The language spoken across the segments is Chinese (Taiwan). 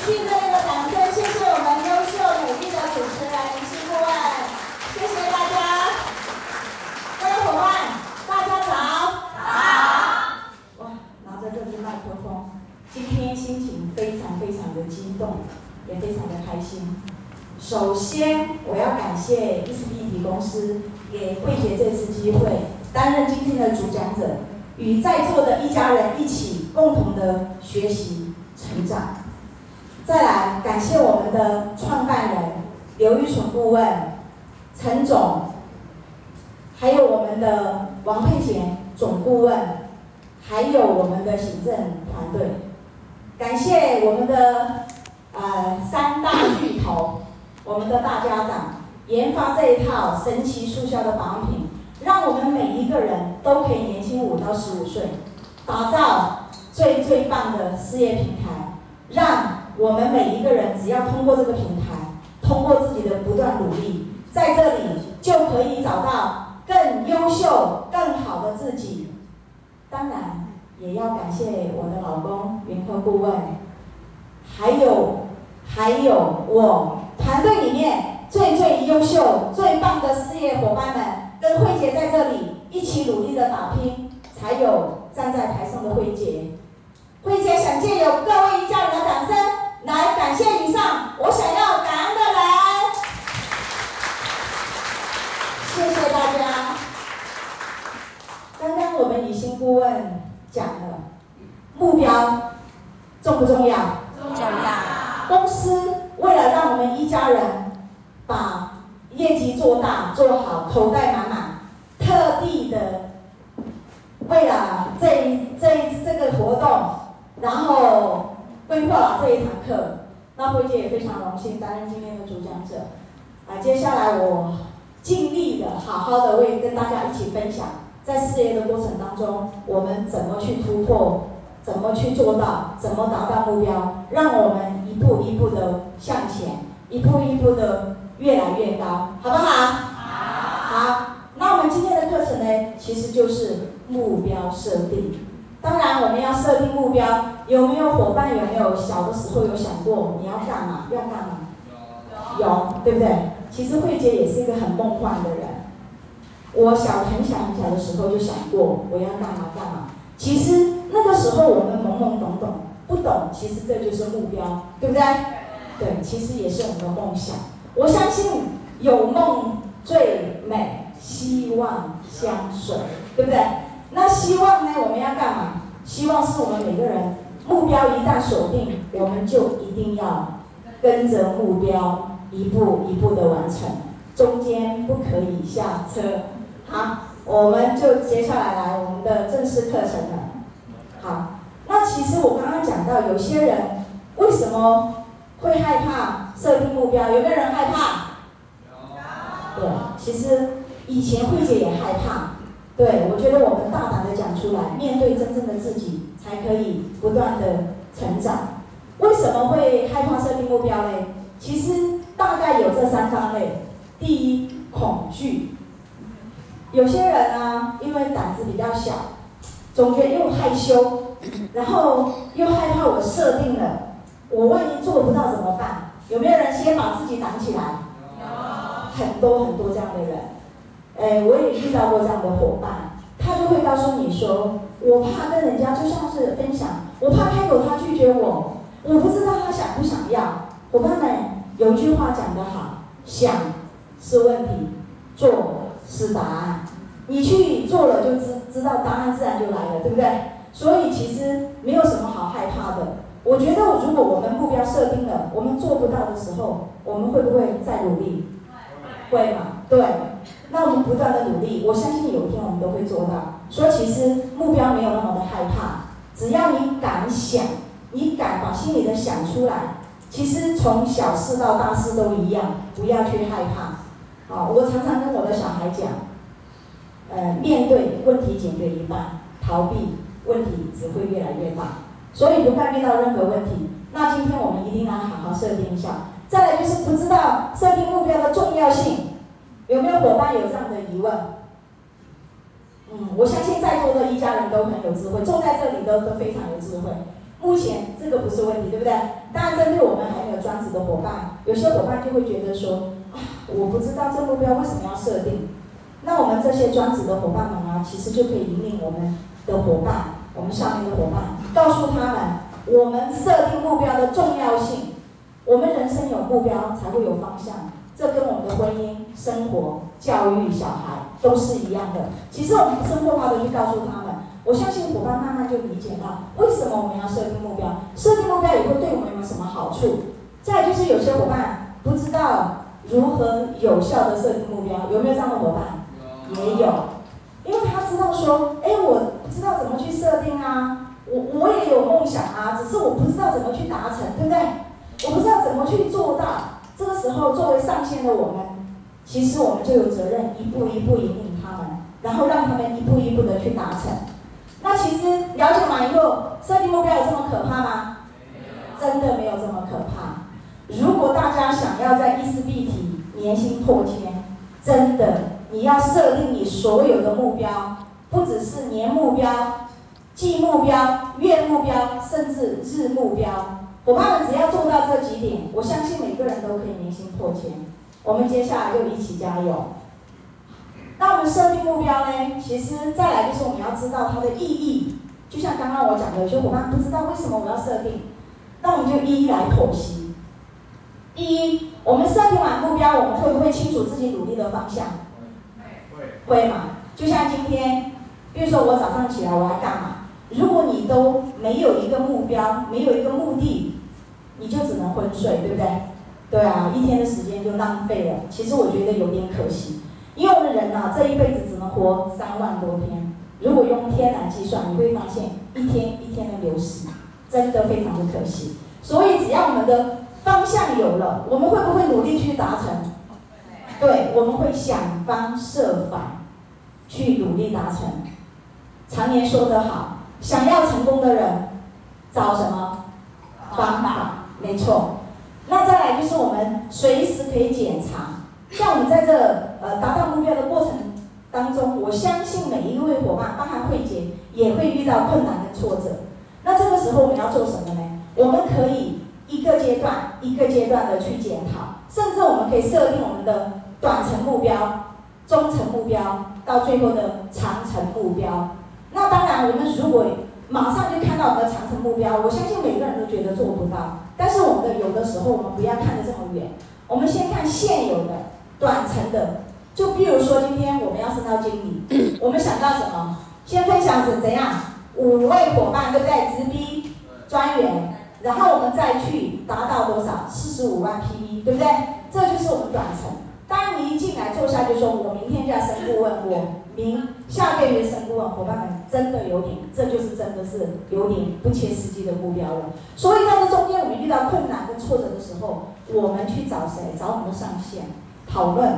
謝熱烈的掌聲！謝謝我們優秀美麗的主持人、明星顧問，謝謝大家！各位夥伴，大家早！好哇，拿着這支麥克風，今天心情非常非常的激動，也非常的開心。首先，我要感謝伊斯 p d 公司給惠杰這次機會，擔任今天的主講者，與在座的一家人一起共同的學習成長。再來感謝我們的創辦人劉玉純顧問、陳總，還有我們的王佩賢總顧問，還有我們的行政團隊。感謝我們的呃三大巨頭，我們的大家長研發這一套神奇速效的保養品，讓我們每一個人都可以年輕五到十五歲，打造最最棒的事業平台，讓，我們每一個人只要通過這個平台，通過自己的不斷努力，在這裡就可以找到更優秀、更好的自己。當然，也要感謝我的老公云和顧問，還有還有我團隊裡面最最優秀、最棒的事業夥伴們，跟慧姐在這裡一起努力的打拼，才有站在台上的慧姐。慧姐想借由各位一家人的掌聲。來，感謝以上我想要感恩的人，謝謝大家。剛剛我們女性顧問講了，目標重不重要？重要啊。公司為了讓我們一家人把業績做大做好，口袋滿滿，特地的為了這一這一這個活動，然後。突破了這一堂課，那惠姐也非常榮幸擔任今天的主講者。啊，接下來我盡力的好好的為跟大家一起分享，在事業的過程當中，我們怎麼去突破，怎麼去做到，怎麼達到目標，讓我們一步一步的向前，一步一步的越來越高，好不好？好。那我們今天的課程呢，其實就是目標設定。當然，我們要設定目標。有沒有夥伴？有沒有小的時候有想過你要幹嘛？要幹嘛？有，有，對不對？其實惠姐也是一個很夢幻的人。我小很小很小的時候就想過我要幹嘛幹嘛。其實那個時候我們懵懵懂懂，不懂。其實這就是目標，對不對？對，其實也是我們的夢想。我相信有夢最美，希望相隨，對不對？那希望呢？我們要幹嘛？希望是我們每個人，目標一旦鎖定，我們就一定要跟着目標一步一步地完成，中間不可以下車。好，我們就接下來來我們的正式課程了。好，那其實我剛剛講到，有些人為什麼會害怕設定目標？有沒有人害怕？有。對，其實以前慧姐也害怕。對，我覺得我們大膽的講出來，面對真正的自己，才可以不斷的成長。為什麼會害怕設定目標呢？其實大概有這三方嘞。第一，恐懼。有些人呢、啊，因為膽子比較小，總覺得又害羞，然後又害怕我設定了，我萬一做不到怎麼辦？有沒有人先把自己擋起來？啊、很多很多這樣的人。哎，我也遇到過這樣的伙伴，他就會告訴你說，我怕跟人家就像是分享，我怕開口他拒絕我，我不知道他想不想要。伙伴們，有一句話講得好，想是問題，做是答案。你去做了就知知道答案自然就來了，對不對？所以其實沒有什麼好害怕的。我覺得我如果我們目標設定了，我們做不到的時候，我們會不會再努力？會嗎？對。那我們不斷的努力，我相信有一天我們都會做到。所以其實目標沒有那麼的害怕，只要你敢想，你敢把心裡的想出來，其實從小事到大事都一樣，不要去害怕。啊、哦，我常常跟我的小孩講，呃，面對問題解決一半，逃避問題只會越來越大。所以不怕遇到任何問題，那今天我們一定要好好設定一下。再來就是不知道設定目標的重要性。有沒有夥伴有這樣的疑問？嗯，我相信在座的一家人都很有智慧，坐在這裡都都非常有智慧。目前這個不是問題，對不對？當然針對我們還沒有專職的夥伴，有些夥伴就會覺得說啊，我不知道這個目標為什麼要設定。那我們這些專職的夥伴們啊，其實就可以引領我們的夥伴，我們下面的夥伴，告訴他們我們設定目標的重要性。我們人生有目標才會有方向。這跟我們的婚姻、生活、教育、小孩都是一樣的。其實我們生活化的去告訴他們，我相信夥伴慢慢就理解到，為什麼我們要設定目標？設定目標以後對我們有什麼好處？再就是有些夥伴不知道如何有效的設定目標，有沒有這樣的夥伴？Yeah. 也有，因為他知道說，哎，我不知道怎麼去設定啊，我我也有夢想啊，只是我不知道怎麼去達成，對不對？我不知道怎麼去做到。這個時候，作為上線的我們，其實我們就有責任一步一步引領他們，然後讓他們一步一步的去達成。那其實了解完以後，設定目標有這麼可怕嗎？真的沒有這麼可怕。如果大家想要在意識必體年薪破千，真的你要設定你所有的目標，不只是年目標、季目標、月目標，甚至日目標。夥伴們，只要做到這幾點，我相信每個人都可以年薪破千。我們接下來就一起加油。那我們設定目標呢？其實再來就是我們要知道它的意義。就像剛剛我講的，有些夥伴不知道為什麼我們要設定，那我們就一一來剖析。第一，我們設定完目標，我們會不會清楚自己努力的方向？會，會，會嗎？就像今天，比如說我早上起來我要幹嘛？如果你都沒有一個目標，沒有一個目的。你就只能昏睡，對不對？對啊，一天的時間就浪費了。其實我覺得有點可惜，因為我們人呢、啊，這一輩子只能活三萬多天。如果用天來計算，你會發現一天一天的流逝，真的非常的可惜。所以只要我們的方向有了，我們會不會努力去達成？對，我們會想方設法去努力達成。常言說得好，想要成功的人找什麼方法？沒錯，那再來就是我們隨時可以檢查。像我們在這呃達到目標的過程當中，我相信每一位夥伴，包括惠姐，也會遇到困難跟挫折。那這個時候我們要做什麼呢？我們可以一個階段一個階段的去檢討，甚至我們可以設定我們的短程目標、中程目標，到最後的長程目標。那當然，我們如果馬上就看到我們的長程目標，我相信每個人都覺得做不到。但是我們的有的時候我們不要看得這麼遠，我們先看現有的短程的。就比如說今天我們要升到經理，我們想到什麼？先分享怎怎樣？五位夥伴對不對？直逼專員，然後我們再去達到多少？四十五萬 PV 對不對？這就是我們短程。當你一進來坐下就說我明天就要升顧問部。明下個月升顧問，夥伴們真的有點，這就是真的是有點不切實際的目標了。所以在這中間，我們遇到困難跟挫折的時候，我們去找誰？找我們的上線討論，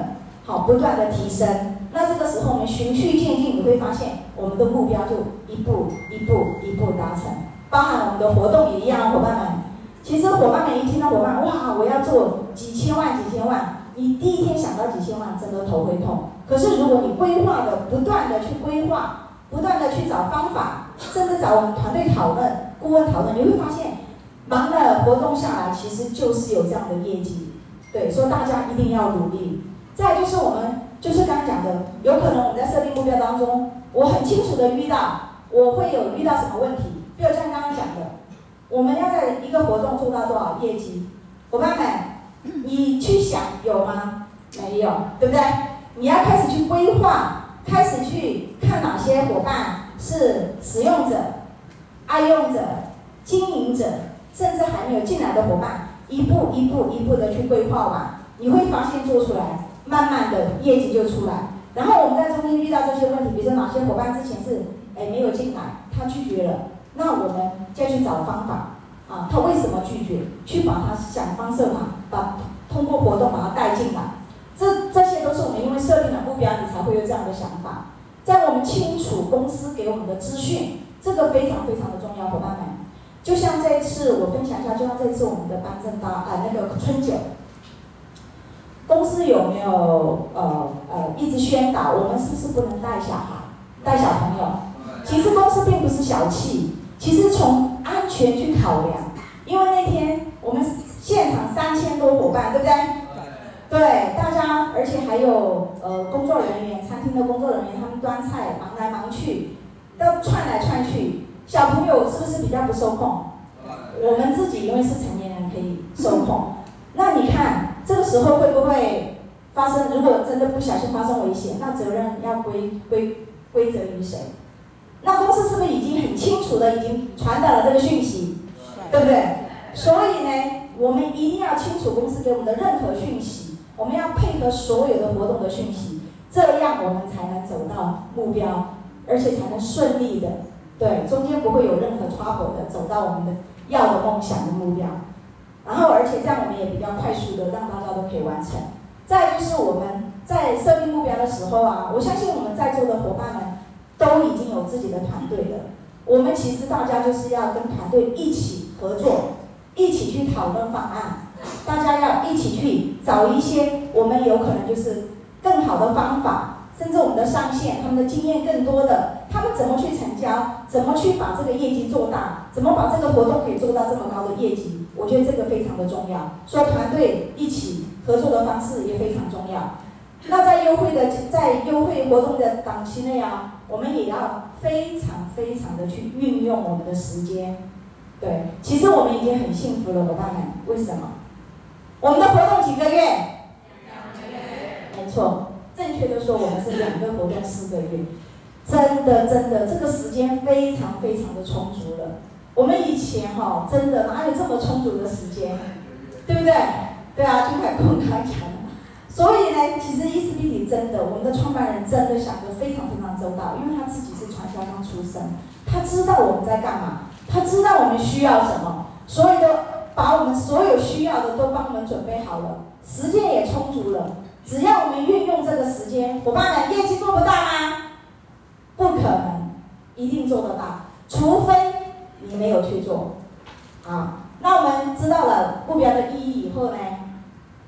好，不斷的提升。那這個時候，我們循序漸進，你會發現我們的目標就一步一步一步達成。包含我們的活動也一樣，啊，夥伴們。其實夥伴們一聽到夥伴們，哇，我要做幾千萬幾千萬，你第一天想到幾千萬，真的頭會痛。可是，如果你規劃的不斷的去規劃，不斷的去找方法，甚至找我們團隊討論、顧問討論，你會發現，忙的活動下來其實就是有這樣的業績。對，所以大家一定要努力。再就是我們就是剛剛講的，有可能我們在設定目標當中，我很清楚的遇到，我會有遇到什麼問題。比如像剛剛講的，我們要在一個活動做到多少業績，夥伴們，你去想有嗎？沒有，對不對？你要開始去規劃，開始去看哪些夥伴是使用者、愛用者、經營者，甚至還沒有進來的夥伴，一步一步一步的去規劃完。你會發現做出來，慢慢的業績就出來。然後我們在中間遇到這些問題，比如說哪些夥伴之前是哎沒有進來，他拒絕了，那我們就要去找方法啊，他為什麼拒絕？去把他想方設法，把通過活動把他帶進來。這這些都是我們因為設定了目標，你才會有這樣的想法。在我們清楚公司給我們的資訊，這個非常非常的重要，夥伴們。就像這次我分享一下，就像這次我們的班正大呃那個春酒，公司有沒有呃呃一直宣導我們是不是不能帶小孩、帶小朋友？其實公司並不是小氣，其實從安全去考量，因為那天我們現場三千多伙伴，對不對？而且還有呃，工作人員，餐廳的工作人員，他們端菜忙來忙去，都串來串去。小朋友是不是比較不受控？嗯，我們自己因為是成年人可以受控。嗯，那你看這個時候會不會發生？如果真的不小心發生危險，那責任要歸歸歸責於誰？那公司是不是已經很清楚的已經傳達了這個訊息？對不對？所以呢，我們一定要清楚公司給我們的任何訊息。我們要配合所有的活動的訊息，這樣我們才能走到目標，而且才能順利的，對，中間不會有任何 trouble 的走到我們的要的夢想的目標。然後，而且這樣我們也比較快速的讓大家都可以完成。再就是我們在設定目標的時候啊，我相信我們在座的夥伴們都已經有自己的團隊了。我們其實大家就是要跟團隊一起合作，一起去討論方案。大家要一起去找一些我們有可能就是更好的方法，甚至我們的上線他們的經驗更多的，他們怎麼去成交，怎麼去把這個業績做大，怎麼把這個活動可以做到這麼高的業績？我覺得這個非常的重要。說團隊一起合作的方式也非常重要。那在優惠的在優惠活動的檔期內啊，我們也要非常非常的去運用我們的時間。對，其實我們已經很幸福了，夥伴們，為什麼？我們的活動幾個月？兩個月。沒錯，正確的說，我們是兩個活動四個月。真的，真的，這個時間非常非常的充足了。我們以前哈，真的哪有這麼充足的時間，對不對？對啊，就快空開講了。所以呢，其實伊思麗迪真的，我們的創辦人真的想得非常非常周到，因為他自己是傳銷商出身，他知道我們在幹嘛，他知道我們需要什麼，所以呢。把我們所有需要的都幫我們準備好了，時間也充足了。只要我們運用這個時間，夥伴們業績做不大嗎？不可能，一定做得到，除非你沒有去做。好，那我們知道了目標的意義以後呢，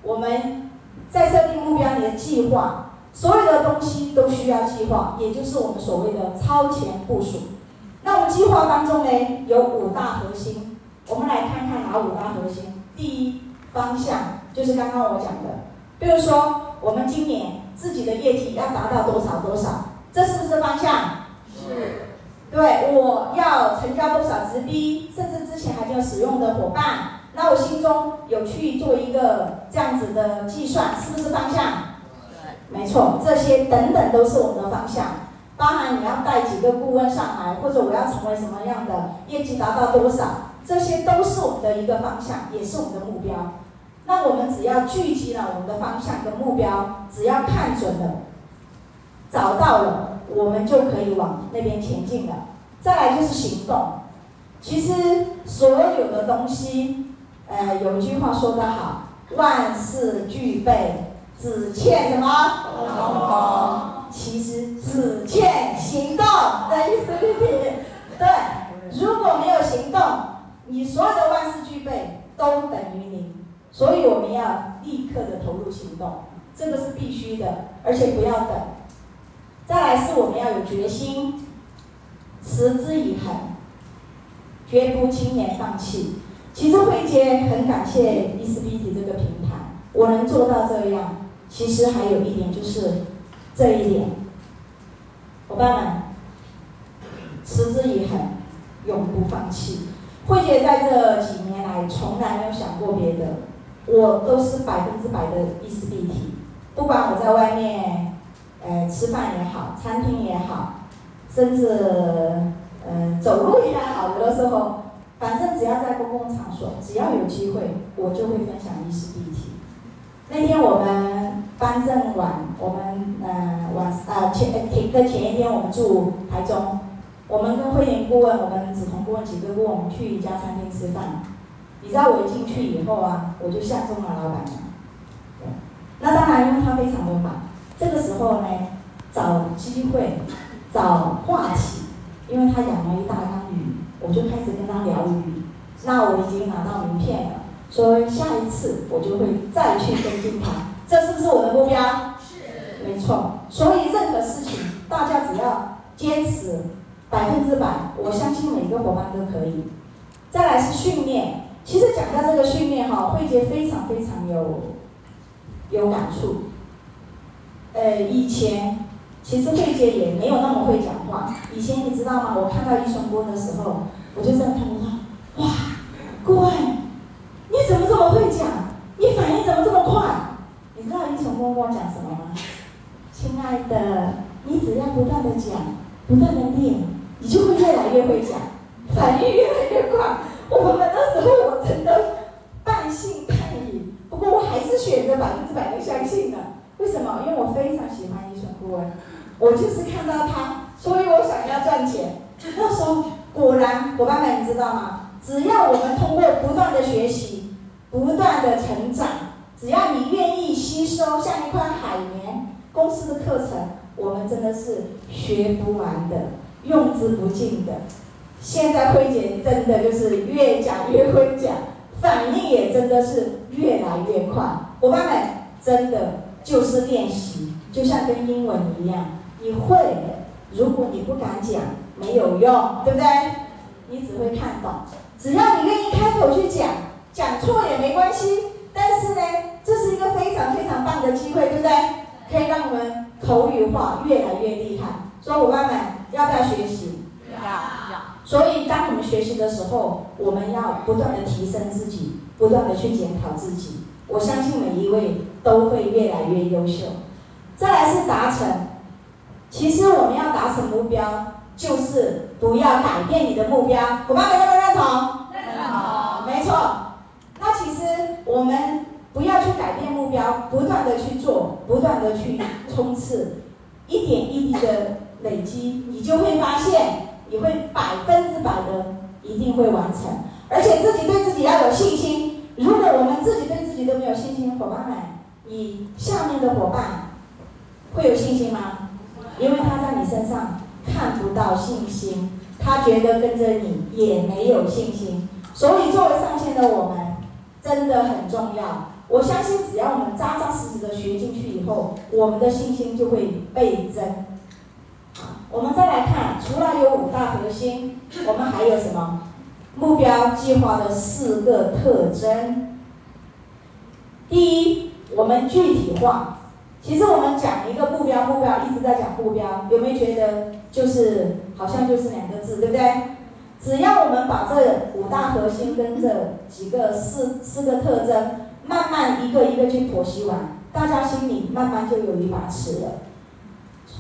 我們在設定目標裡的計劃，所有的東西都需要計劃，也就是我們所謂的超前部署。那我們計劃當中呢，有五大核心。我們來看看哪五大核心。第一方向，就是剛剛我講的，比如說我們今年自己的業績要達到多少多少，這是不是方向？是。對，我要成交多少直逼，甚至之前還沒有使用的伙伴，那我心中有去做一個這樣子的計算，是不是方向？是。沒錯，這些等等都是我們的方向，當然你要帶幾個顧問上來，或者我要成為什麼樣的業績達到多少。這些都是我們的一個方向，也是我們的目標。那我們只要聚集了我們的方向跟目標，只要看準了，找到了，我們就可以往那邊前進了。再來就是行動。其實所有的東西，呃，有一句話說得好，萬事俱備，只欠什麼？你所有的萬事俱備都等於零，所以我們要立刻的投入行動，這個是必須的，而且不要等。再來是我們要有決心，持之以恆，絕不輕言放棄。其實惠杰很感謝 EasyBeauty 這個平台，我能做到這樣，其實還有一點就是這一點。夥伴們，持之以恆，永不放棄。慧姐在這幾年來從來沒有想過別的，我都是百分之百的意絲一體，不管我在外面，呃，吃飯也好，餐廳也好，甚至嗯、呃，走路也好，有的時候，反正只要在公共場所，只要有機會，我就會分享意絲一體。那天我們頒證晚，我們呃晚呃、啊、前停的前一天，我們住台中。我們跟會員顧問，我們紫紅顧問幾個顧問，我們去一家餐廳吃飯，你知道我一進去以後啊，我就相中了老闆娘。對那當然因為他非常的忙，這個時候呢，找機會，找話題，因為他養了一大缸魚，我就開始跟他聊魚，那我已經拿到名片了，所以下一次我就會再去跟進他，這是不是我的目標？是，沒錯，所以任何事情，大家只要堅持。百分之百，我相信每個伙伴都可以。再來是訓練，其實講到這個訓練哈，惠傑非常非常有有感觸。呃，以前其實惠傑也沒有那麼會講話。以前你知道嗎？我看到一蟲哥的時候，我就在看他，哇，乖，你怎麼這麼會講？你反應怎麼這麼快？你知道一蟲跟我講什麼嗎？親愛的，你只要不斷的講，不斷的練。你就會越來越會講，反應越來越快。我們那時候我真的半信半疑，不過我還是選擇百分之百的相信了。為什麼？因為我非常喜歡伊春顧問，我就是看到他，所以我想要賺錢。那時候果然，夥伴們，你知道嗎？只要我們通過不斷的學習、不斷的成長，只要你願意吸收，像一塊海綿，公司的課程我們真的是學不完的。用之不盡的，現在慧姐真的就是越講越會講，反應也真的是越來越快。夥伴們，真的就是練習，就像跟英文一樣，你會了，如果你不敢講，沒有用，對不對？你只會看到，只要你願意開口去講，講錯也沒關係。但是呢，這是一個非常非常棒的機會，對不對？可以讓我們。口語化越來越厲害，說夥伴們要不要學習？要。要。所以當我們學習的時候，我們要不斷的提升自己，不斷的去檢討自己。我相信每一位都會越來越優秀。再來是達成，其實我們要達成目標，就是不要改變你的目標。夥伴們，要。要不斷的去做，不斷的去衝刺，一點一滴的累積，你就會發現，你會百分之百的一定會完成。而且自己對自己要有信心。如果我們自己對自己都沒有信心，伙伴們，你下面的伙伴會有信心嗎？因為他在你身上看不到信心，他覺得跟着你也沒有信心。所以作為上線的我們，真的很重要。我相信，只要我們紮紮實實的學進去以後，我們的信心就會倍增。我們再來看，除了有五大核心，我們還有什麼？目標計劃的四個特徵。第一，我們具體化。其實我們講一個目標，目標一直在講目標，有沒有覺得就是好像就是兩個字，對不對？只要我們把這五大核心跟這幾個四四個特徵。慢慢一個一個去剖析完，大家心裡慢慢就有一把尺了。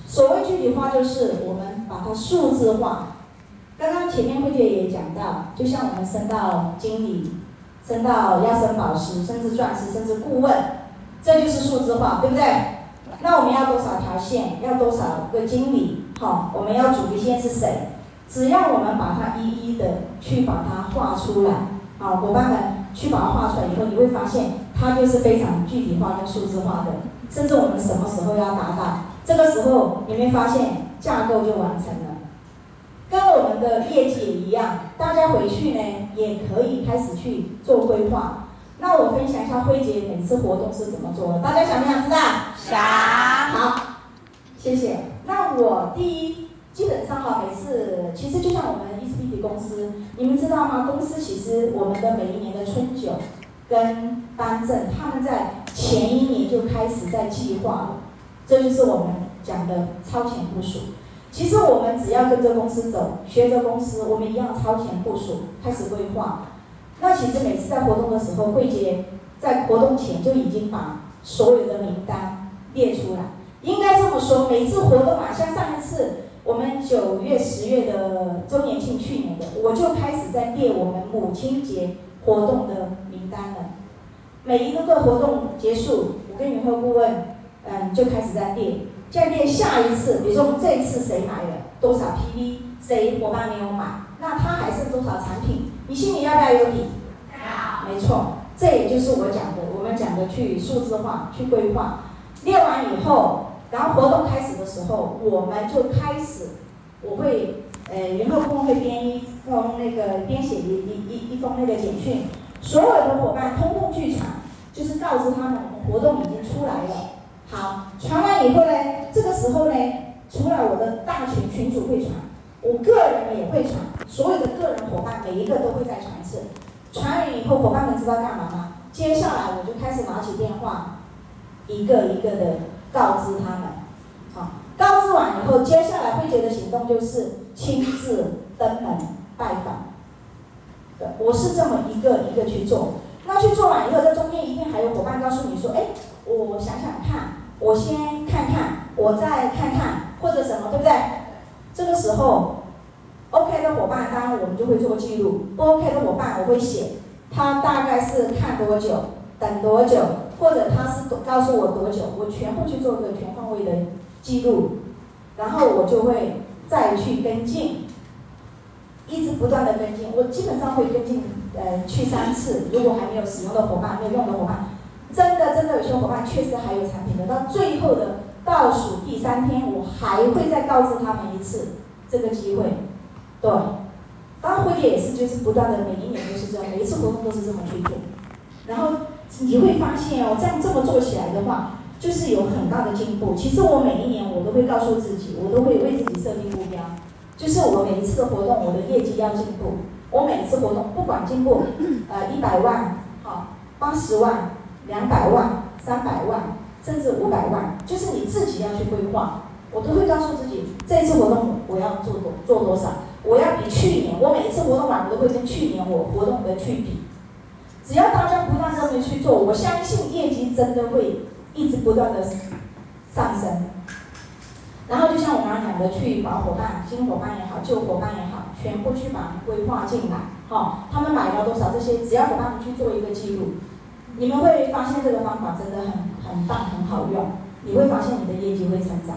所謂具體化，就是我們把它數字化。剛剛前面慧姐也講到，就像我們升到經理，升到要升寶石，甚至鑽石，甚至顧問，這就是數字化，對不對？那我們要多少條線？要多少個經理？好，我們要主力線是誰？只要我們把它一一的去把它畫出來，好，夥伴們。去把它畫出來以後，你會發現它就是非常具體化跟數字化的，甚至我們什麼時候要達到，這個時候你會發現架構就完成了。跟我們的業績一樣，大家回去呢也可以開始去做規劃。那我分享一下惠姐每次活動是怎麼做的，大家想不想知道？想。好，謝謝。那我第一，基本上哈，每次其實就像我們。公司，你們知道嗎？公司其實我們的每一年的春酒跟頒證，他們在前一年就開始在計劃了。這就是我們講的超前部署。其實我們只要跟着公司走，學着公司，我們一樣超前部署，開始規劃。那其實每次在活動的時候，會接在活動前就已經把所有的名單列出來。應該這麼說，每次活動嘛，像上一次。我們九月、十月的周年慶，去年的我就開始在列我們母親節活動的名單了。每一個個活動結束，我跟云和顧問，嗯，就開始在列，再列下一次，比如說這次誰買了多少 PV，誰伙伴沒有買，那他還剩多少產品，你心裡要不要有底？沒錯，這也就是我講的，我們講的去數字化、去規劃。列完以後。然後活動開始的時候，我們就開始，我會，呃，營銷部會編一封那個，編寫一一一一封那個簡訊，所有的伙伴通通去傳，就是告訴他們，我們活動已經出來了。好，傳完以後呢，這個時候呢，除了我的大群群主會傳，我個人也會傳，所有的個人伙伴每一個都會再傳一次。傳完以後，伙伴們知道幹嘛嗎？接下來我就開始拿起電話，一個一個的。告知他們，好，告知完以後，接下來惠傑的行動就是親自登門拜訪，對。我是這麼一個一個去做，那去做完以後，在中間一定還有夥伴告訴你說，哎，我想想看，我先看看，我再看看，或者什麼，對不對？這個時候，OK 的伙伴，當然我們就會做記錄；不 OK 的夥伴，我會寫，他大概是看多久，等多久。或者他是告訴我多久，我全部去做一個全方位的記錄，然後我就會再去跟進，一直不斷的跟進。我基本上會跟進呃去三次，如果還沒有使用的伙伴，沒有用的伙伴，真的真的有些伙伴確實還有產品的，到最後的倒數第三天，我還會再告知他們一次這個機會。對，當會也是就是不斷的，每一年都是這樣，每一次活動都是這麼去做，然後。你會發現哦，這樣這麼做起來的話，就是有很大的進步。其實我每一年我都會告訴自己，我都會為自己設定目標，就是我每一次的活動我的業績要進步。我每一次活動不管進步，呃一百萬，好八十萬，兩百萬，三百萬，甚至五百萬，就是你自己要去規劃。我都會告訴自己，這次活動我要做多做多少，我要比去年，我每一次活動完我都會跟去年我活動的去比。只要大家不斷這麼去做，我相信業績真的會一直不斷的上升。然後就像我剛剛講的，去把夥伴新夥伴也好，舊夥伴也好，全部去把規劃進來，哈、哦，他們買了多少這些，只要夥伴去做一個記錄，你們會發現這個方法真的很很棒，很好用，你會發現你的業績會成長。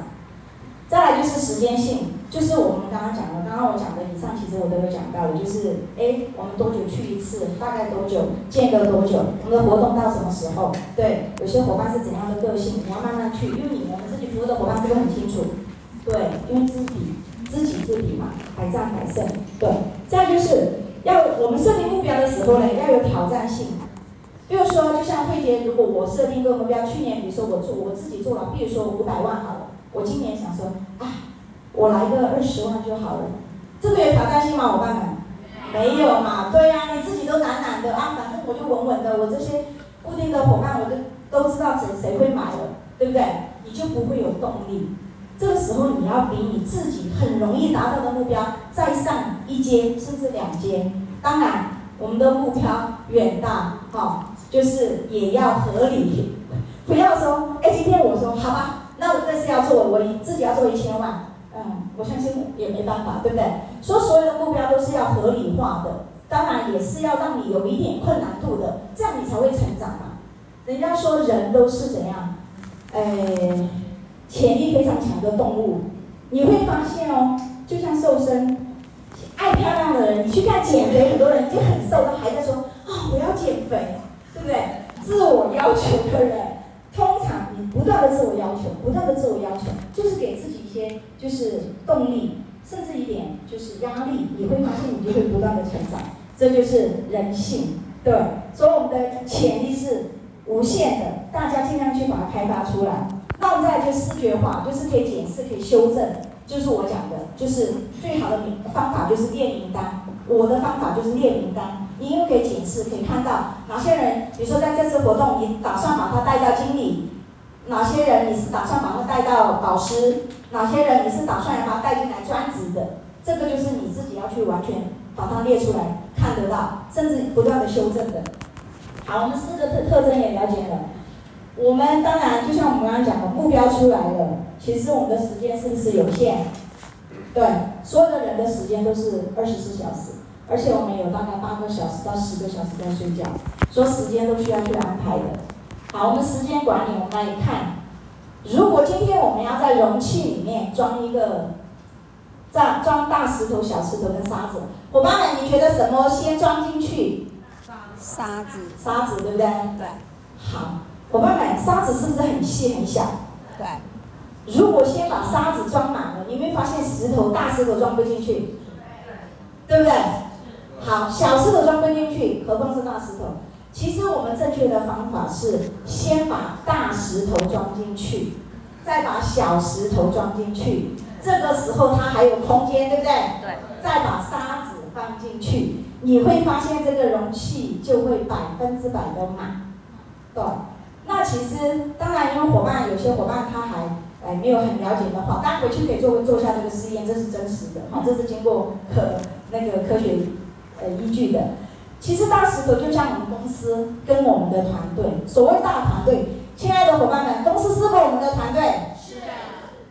再來就是時間性。就是我們剛剛講的，剛剛我講的，以上其實我都有講到的，就是，哎，我們多久去一次？大概多久？間隔多久？我們的活動到什麼時候？對，有些夥伴是怎樣的個性？你要慢慢去，因為你我們自己服務的夥伴不是很清楚？對，因為知己知己知彼嘛，百戰百勝。對，再就是要我們設定目標的時候呢，要有挑戰性。比如說，就像惠傑，如果我設定一個目標，去年比如說我做我自己做了，比如說五百萬好了，我今年想說啊。我來個二十萬就好了，這個有挑戰性嗎？夥伴們，沒有嘛？對呀、啊，你自己都懶懶的啊，反正我就穩穩的，我這些固定的夥伴，我都都知道誰誰會買了，對不對？你就不會有動力。這個時候你要比你自己很容易達到的目標再上一階，甚至兩階。當然，我們的目標遠大，好、哦，就是也要合理，不要說，哎，今天我說好吧，那我這次要做，我自己要做一千萬。我相信也沒辦法，對不對？說所有的目標都是要合理化的，當然也是要讓你有一點困難度的，這樣你才會成長嘛。人家說人都是怎樣，哎，潛力非常強的動物。你會發現哦，就像瘦身，愛漂亮的人，你去看減肥，很多人已經很瘦的還在說啊，我要減肥，對不對？自我要求的人。不斷的自我要求，不斷的自我要求，就是給自己一些就是動力，甚至一點就是壓力，你會發現你就會不斷的成長，這就是人性。對，所以我們的潛力是無限的，大家儘量去把它開發出來。那我們再來就視覺化，就是可以檢視，可以修正，就是我講的，就是最好的名方法就是列名單。我的方法就是列名單，你又可以檢視，可以看到哪些人，比如說在這次活動，你打算把他帶到經理。哪些人你是打算把他帶到導師？哪些人你是打算把他帶進來專職的？這個就是你自己要去完全把他列出來，看得到，甚至不斷的修正的。好，我們四個特特徵也了解了。我們當然就像我們剛剛講的，目標出來了，其實我們的時間是不是有限？對，所有的人的時間都是二十四小時，而且我們有大概八個小時到十個小時在睡覺，所有時間都需要去安排的。好，我們時間管理，我們來看。如果今天我們要在容器裡面裝一個，這樣，裝大石頭、小石頭跟沙子，夥伴們，你覺得什麼先裝進去？沙子。沙子，對不對？對。好，夥伴們，沙子是不是很細很小？對。如果先把沙子裝滿了，你沒發現石頭、大石頭裝不進去？對，對不對？好，小石頭裝不進去，何況是大石頭。其實我們正確的方法是先把大石頭裝進去，再把小石頭裝進去，這個時候它還有空間，對不對？對。再把沙子放進去，你會發現這個容器就會百分之百的滿，懂？那其實當然，因為夥伴有些夥伴他還哎、呃、沒有很了解的話，大家回去可以做做下這個實驗，這是真實的哈，這是經過科那個科學呃依據的。其實大石頭就像我們公司跟我們的團隊，所謂大團隊，親愛的夥伴們，公司是，是不是我們的團隊？是。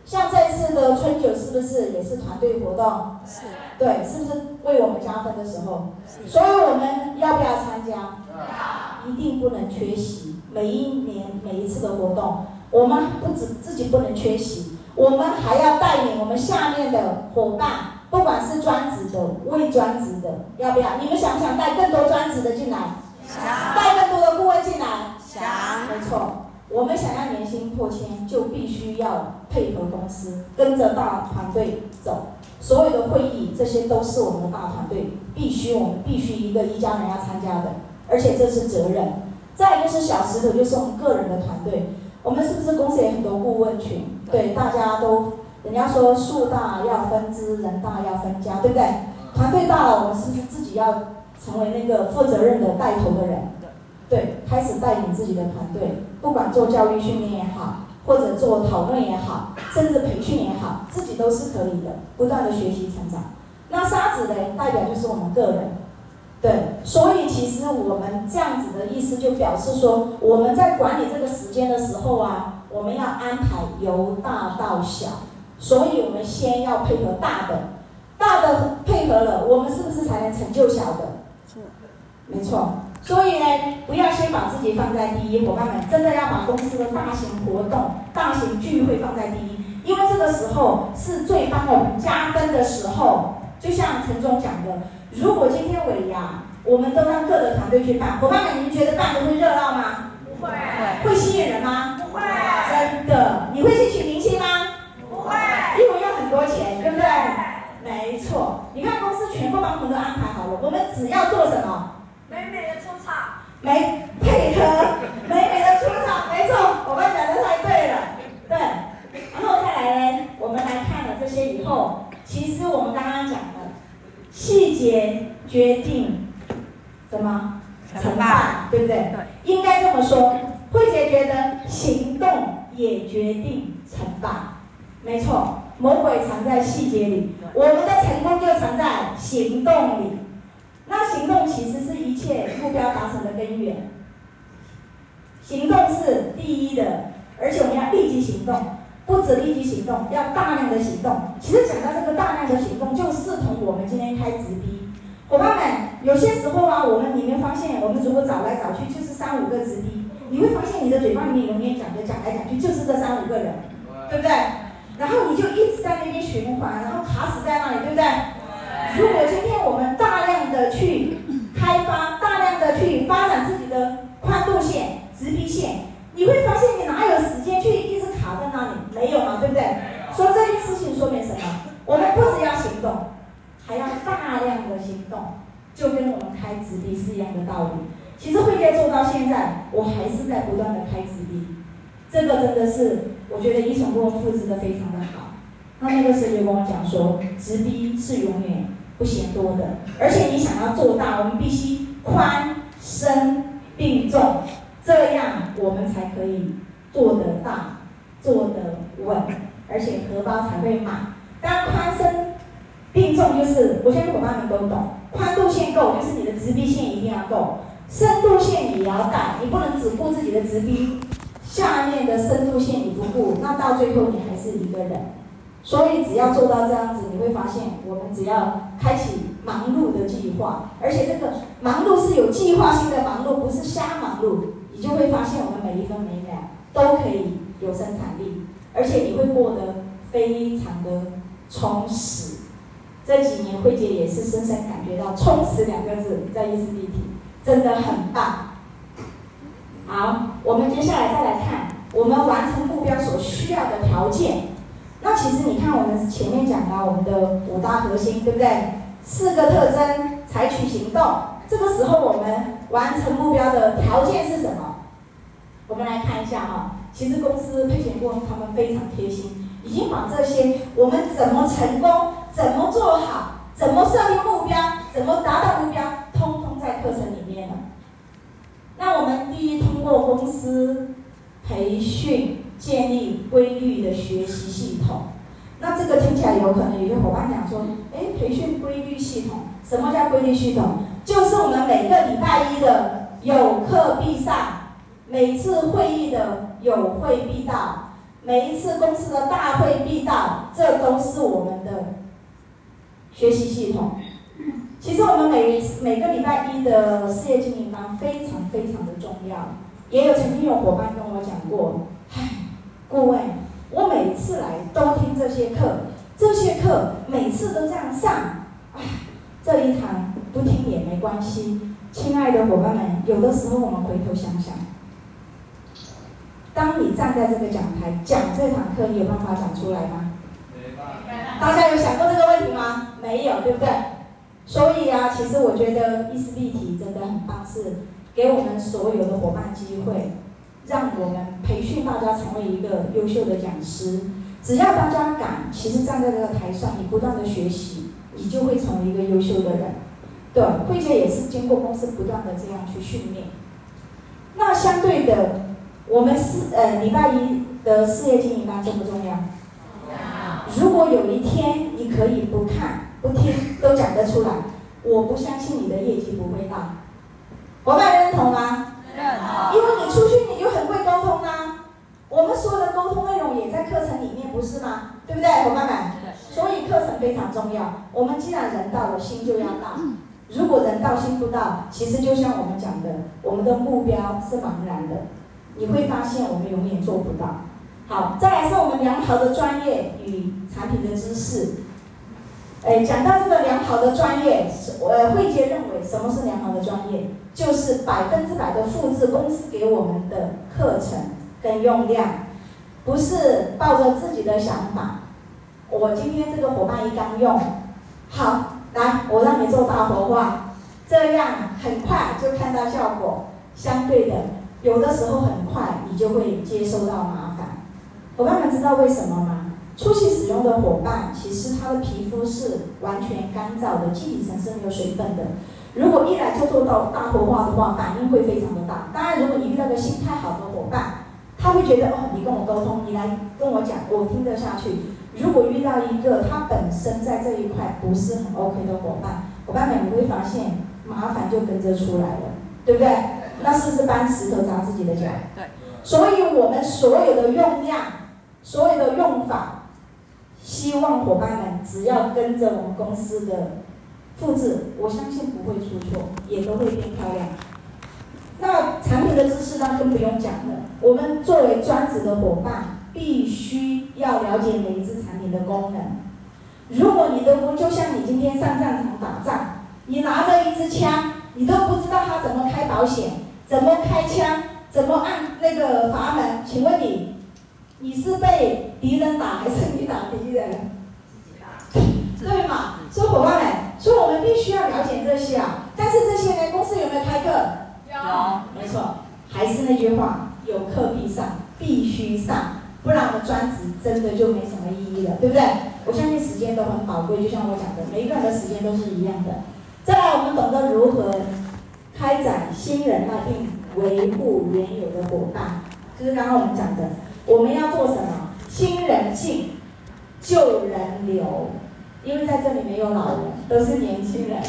像這次的春酒是不是也是團隊活動？是。對，是不是為我們加分的時候？是。所以我們要不要參加？是。一定不能缺席，每一年每一次的活動，我們不只自己不能缺席，我們還要帶領我們下面的夥伴。不管是專職的、未專職的，要不要？你們想不想帶更多專職的進來？想。帶更多的顧問進來？想。沒錯，我們想要年薪破千，就必須要配合公司，跟着大團隊走。所有的會議，這些都是我們的大團隊，必須我們必須一個一家人要參加的，而且這是責任。再一個是小石頭，就是我們個人的團隊。我們是不是公司也很多顧問群？對，對，大家都。人家說“樹大要分枝，人大要分家”，對不對？團隊大了，我們是不是自己要成為那個負責任的帶頭的人？對，開始帶領自己的團隊，不管做教育訓練也好，或者做討論也好，甚至培訓也好，自己都是可以的，不斷地學習成長。那沙子呢？代表就是我們個人，對。所以其實我們這樣子的意思，就表示說，我們在管理這個時間的時候啊，我們要安排由大到小。所以我們先要配合大的，大的配合了，我們是不是才能成就小的？嗯、沒錯。所以呢，不要先把自己放在第一，夥伴們，真的要把公司的大型活動、大型聚會放在第一，因為這個時候是最幫我們加分的時候。就像陳總講的，如果今天尾牙，我們都讓各個團隊去辦，夥伴們，你們覺得辦的會熱鬧嗎？不會，會。會吸引人嗎？不會。真的，你會進去？多錢，對不對？對，沒錯。你看公司全部幫我們都安排好了，我們只要做什麼？美美的出場，美配合，美美的出場，沒錯，我們講的太對了，對。然後再來呢，我們來看了這些以後，其實我們剛剛講的細節決定什麼成敗，對不對？對。應該這麼說，慧姐覺得行動也決定成敗，沒錯。魔鬼藏在細節裡，我們的成功就藏在行動裡。那行動其實是一切目標達成的根源，行動是第一的，而且我們要立即行動，不止立即行動，要大量的行動。其實講到這個大量的行動，就是從我們今天開直逼。夥伴們，有些時候啊，我們裡面發現，我們如果找來找去就是三五個直逼，你會發現你的嘴巴裡面永遠講着，講來講去就是這三五個人，對不對？然後你就一直在那邊循環，然後卡死在那裡，對不對？如果今天我們大量的去開發，大量的去發展自己的寬度線、直逼線，你會發現你哪有時間去一直卡在那裡？沒有嘛，對不對？有說這件事情說明什麼？我們不只要行動，還要大量的行動，就跟我們開直逼是一樣的道理。其實會在做到現在，我還是在不斷的開直逼，這個真的是。我覺得伊誠跟我複製的非常的好，他那，那個時候就跟我講說，直逼是永遠不嫌多的，而且你想要做大，我們必須寬深並重，這樣我們才可以做得大，做得穩，而且荷包才會滿。但寬深並重就是我相信夥伴們都懂，寬度線夠就是你的直逼線一定要夠，深度線也要大，你不能只顧自己的直逼。下面的深度線你不顧，那到最後你還是一個人。所以只要做到這樣子，你會發現，我們只要開啟忙碌的計劃，而且這個忙碌是有計劃性的忙碌，不是瞎忙碌，你就會發現我們每一分每一秒都可以有生產力，而且你會過得非常的充實。這幾年惠姐也是深深感覺到“充實”兩個字在意思立體，真的很棒。好，我們接下來再來看我們完成目標所需要的條件。那其實你看，我們前面講到我們的五大核心，對不對？四個特徵，採取行動。這個時候我們完成目標的條件是什麼？我們來看一下哈、哦。其實公司培訓顧問他們非常貼心，已經把這些我們怎麼成功、怎麼做好、怎麼設定目標、怎麼達到目標，通通在課程裡面。那我們第一，通過公司培訓建立規律的學習系統。那這個聽起來有可能有些夥伴講說，哎，培訓規律系統，什麼叫規律系統？就是我們每個禮拜一的有課必上，每一次會議的有會必到，每一次公司的大會必到，這都是我們的學習系統。其實我們每每個禮拜一的事業經營班非常非常的重要，也有曾經有伙伴跟我講過，唉，顧問，我每次來都聽這些課，這些課每次都這樣上，唉，這一堂不聽也沒關係。親愛的伙伴們，有的時候我們回頭想想，當你站在這個講台講這堂課，你有辦法講出來嗎？沒辦法。大家有想過這個問題嗎？沒有，對不對？所以啊，其實我覺得意思立體真的很棒，是給我們所有的夥伴機會，讓我們培訓大家成為一個優秀的講師。只要大家敢，其實站在這個台上，你不斷的學習，你就會成為一個優秀的人。對啊，慧姐也是經過公司不斷的這樣去訓練。那相對的，我們是呃禮拜一的事業經營班重不重要？如果有一天你可以不看。不聽都講得出來，我不相信你的業績不會大，伙伴認同嗎？認同、嗯。因為你出去你就很會溝通啊。我們說的溝通內容也在課程裡面，不是嗎？對不對，伙伴們？所以課程非常重要。我們既然人到了，心就要到。如果人到心不到，其實就像我們講的，我們的目標是茫然的，你會發現我們永遠做不到。好，再來是我們良好的專業與產品的知識。哎，講到這個良好的專業，呃，惠杰認為什麼是良好的專業？就是百分之百的複製公司給我們的課程跟用量，不是抱着自己的想法。我今天這個夥伴一剛用，好，來，我讓你做大活化，這樣很快就看到效果。相對的，有的時候很快你就會接收到麻煩，夥伴們知道為什麼嗎？初期使用的夥伴，其實他的皮膚是完全乾燥的，基底層是沒有水分的。如果一來就做，做到大活化的話，反應會非常的大。當然，如果你遇到個心態好的夥伴，他會覺得哦，你跟我溝通，你來跟我講，我聽得下去。如果遇到一個他本身在這一塊不是很 OK 的夥伴，夥伴們你會發現麻煩就跟着出來了，對不對？那是不是搬石頭砸自己的腳？對。所以我們所有的用量，所有的用法。希望伙伴們只要跟着我們公司的複製，我相信不會出錯，也都會變漂亮。那產品的知識呢，更不用講了。我們作為專職的伙伴，必須要了解每一支產品的功能。如果你都不，就像你今天上戰場打仗，你拿着一支槍，你都不知道它怎麼開保險，怎麼開槍，怎麼按那個閥門，請問你？你是被敵人打還是你打敵人？自己打，對嗎？所以夥伴們，所以我們必須要了解這些啊。但是這些呢，公司有沒有開課？有，no, 沒錯。還是那句話，有課必上，必須上，不然我們專職真的就沒什麼意義了，對不對？我相信時間都很寶貴，就像我講的，每一個人的時間都是一樣的。再來，我們懂得如何開展新人脈，並維護原有的夥伴，就是剛剛我們講的。我們要做什麼？新人進，舊人留。因為在這裡沒有老人，都是年輕人，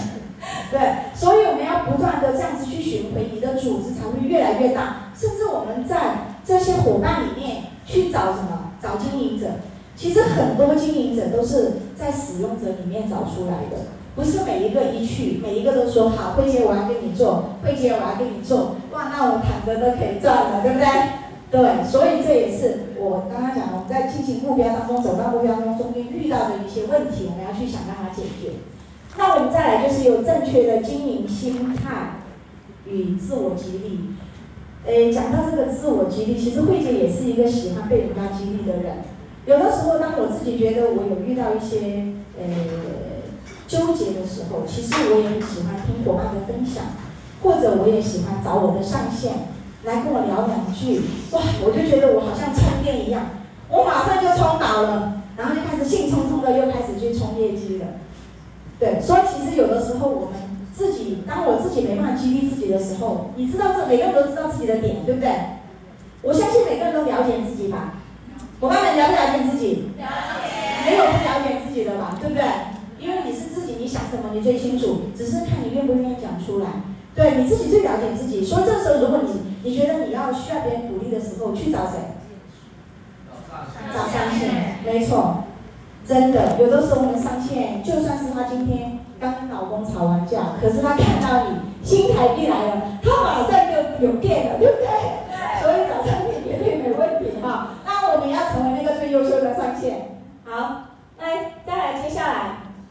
對。所以我們要不斷的這樣子去巡迴，你的組織才會越來越大。甚至我們在這些夥伴裡面去找什麼？找經營者。其實很多經營者都是在使用者裡面找出來的，不是每一個一去，每一個都說好，惠姐，我來給你做，惠姐，我來給你做，哇，那我躺着都可以賺了，對不對？對，所以這也是我剛剛講，我們在進行目標當中走到目標當中中遇到的一些問題，我們要去想辦法解決。那我們再來就是有正確的經營心態與自我激勵。呃，講到這個自我激勵，其實慧姐也是一個喜歡被人家激勵的人。有的時候，當我自己覺得我有遇到一些呃糾結的時候，其實我也很喜歡聽夥伴的分享，或者我也喜歡找我的上線。來跟我聊兩句，哇，我就覺得我好像充電一樣，我馬上就充飽了，然後就開始興沖沖的又開始去衝業績了。對，所以其實有的時候我們自己，當我自己沒辦法激勵自己的時候，你知道這每個人都知道自己的點，對不對？我相信每個人都了解自己吧？夥伴們了不了解自己？了解，沒有不了解自己的吧？對不對？因為你是自己，你想什麼你最清楚，只是看你願不願意講出來。對，你自己最了解自己。所以這時候如果你。你覺得你要需要別人鼓勵的時候去找誰？找上線。找上線，沒錯，真的。有的時候我們上線，就算是她今天剛跟老公吵完架，可是她看到你，新台幣來了，她馬上就有電了，對不對？對。所以找上線絕對沒問題哈。對那我們要成為那個最優秀的上線。好，來，再來，接下來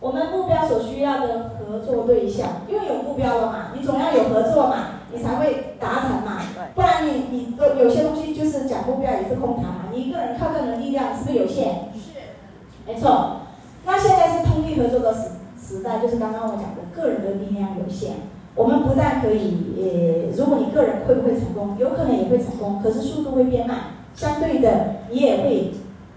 我們目標所需要的合作對象，因為有目標了嘛，你總要有合作嘛。才會達成嘛，不然你你都有些東西就是講目標也是空談嘛、啊。你一個人靠個人的力量是不是有限？是，沒錯。那現在是通力合作的時時代，就是剛剛我講的個人的力量有限。我們不但可以、呃，如果你個人會不會成功，有可能也會成功，可是速度會變慢。相對的，你也會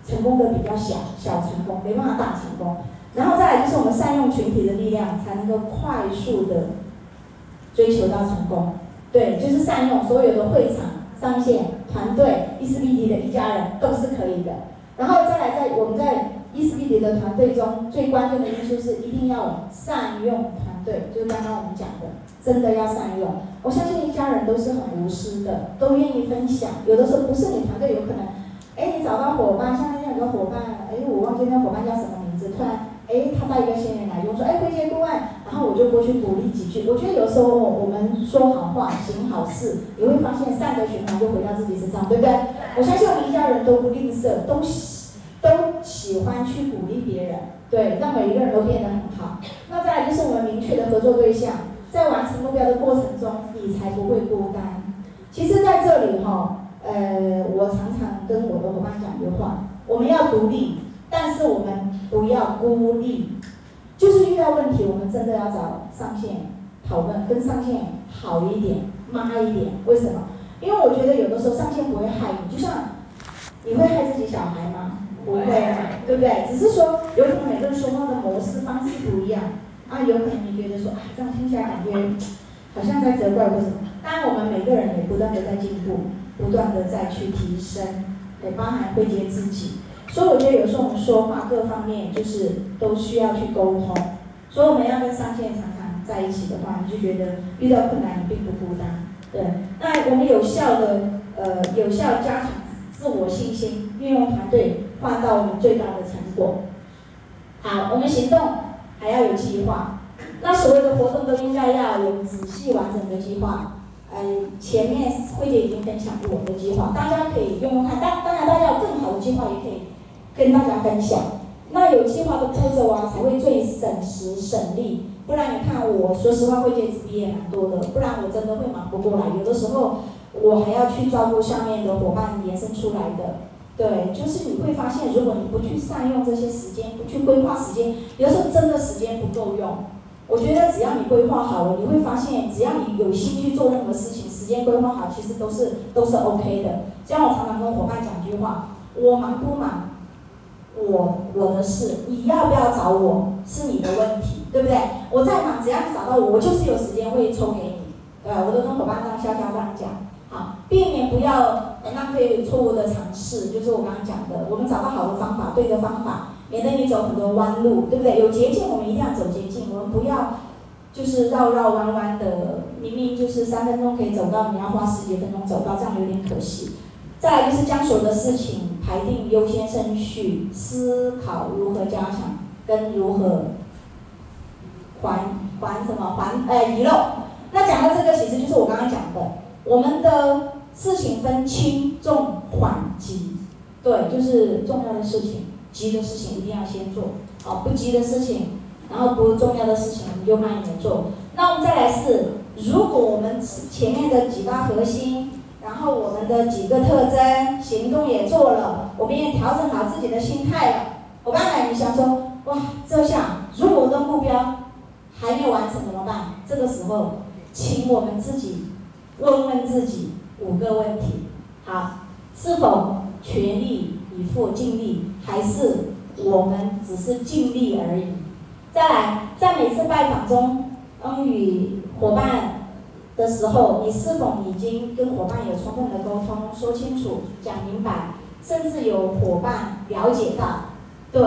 成功的比較小，小成功，沒辦法大成功。然後再來就是我們善用群體的力量，才能夠快速的追求到成功。對，就是善用所有的會場、上線團隊 ，e 斯 b 提的一家人都是可以的。然後再來，在我們在 e 斯 b 提的團隊中最關鍵的因素是一定要善用團隊，就是剛剛我們講的，真的要善用。我相信一家人都是很無私的，都願意分享。有的時候不是你團隊有可能，哎，你找到夥伴，像那邊有個夥伴，哎，我忘記那夥伴叫什麼名字，突然。哎，他帶一個新人來，就說：“哎，惠姐過來。”然後我就過去鼓勵幾句。我覺得有時候我們說好話、行好事，你會發現善的循環就回到自己身上，對不對？我相信我們一家人都不吝嗇，都喜都喜歡去鼓勵別人，對，讓每一個人都變得很好。那再來就是我們明確的合作對象，在完成目標的過程中，你才不會孤單。其實在這裡哈、哦，呃，我常常跟我的夥伴講一句話：我們要獨立，但是我們。不要孤立，就是遇到問題，我們真的要找上線討論，跟上線好一點，慢一點。為什麼？因為我覺得有的時候上線不會害你，就像，你會害自己小孩嗎？不會，對不對？只是說，有可能每個人說話的模式方式不一樣啊。有可能你覺得說，啊，這樣聽起來感覺好像在責怪我。為什麼？當然，我們每個人也不斷的在進步，不斷的在去提升，也包含對接自己。所以我覺得有時候我們說話各方面就是都需要去溝通，所以我們要跟上線常常在一起的話，你就覺得遇到困難，你並不孤單，對。那我們有效的呃有效加強自我信心，運用團隊，換到我們最大的成果。好，我們行動還要有計劃，那所有的活動都應該要有仔細完整的計劃。呃前面輝姐已經分享過我的計劃，大家可以用用看。當當然大家有更好的計劃也可以。跟大家分享，那有計劃的步驟啊，才會最省時省力。不然你看我，我說實話，會覺得自己也蠻多的，不然我真的會忙不過來。有的時候我還要去照顧下面的夥伴延伸出來的。對，就是你會發現，如果你不去善用這些時間，不去規劃時間，有的時候真的時間不夠用。我覺得只要你規劃好了，你會發現，只要你有心去做任何事情，時間規劃好，其實都是都是 OK 的。像我常常跟夥伴講一句話：我忙不忙？我我的事，你要不要找我是你的問題，對不對？我在忙，只要你找到我，我就是有時間會抽給你。對吧，我都跟夥伴讓悄悄這樣講，好,避免不要浪費、欸、錯誤的嘗試。就是我剛剛講的，我們找到好的方法，對的方法，免得你走很多彎路，對不對？有捷徑，我們一定要走捷徑，我們不要就是繞繞彎彎的。明明就是三分鐘可以走到，你要花十幾分鐘走到，這樣有點可惜。再來就是將所有的事情。排定優先順序，思考如何加強，跟如何還還什麼還，呃、欸、遺漏。那講到這個其實就是我剛剛講的，我們的事情分輕重緩急，對，就是重要的事情、急的事情一定要先做，好，不急的事情，然後不重要的事情你就慢一點做。那我們再來是，如果我們前面的幾大核心。然後我們的幾個特徵行動也做了，我們也調整好自己的心態了。夥伴們，你想說哇，這下如果我的目標還沒有完成怎麼辦？這個時候，請我們自己問問自己五個問題：好，是否全力以赴盡力，還是我們只是盡力而已？再來，在每次拜訪中，嗯，與夥伴的時候，你是否已經跟夥伴有充分的溝通，說清楚、講明白，甚至有夥伴了解到，對？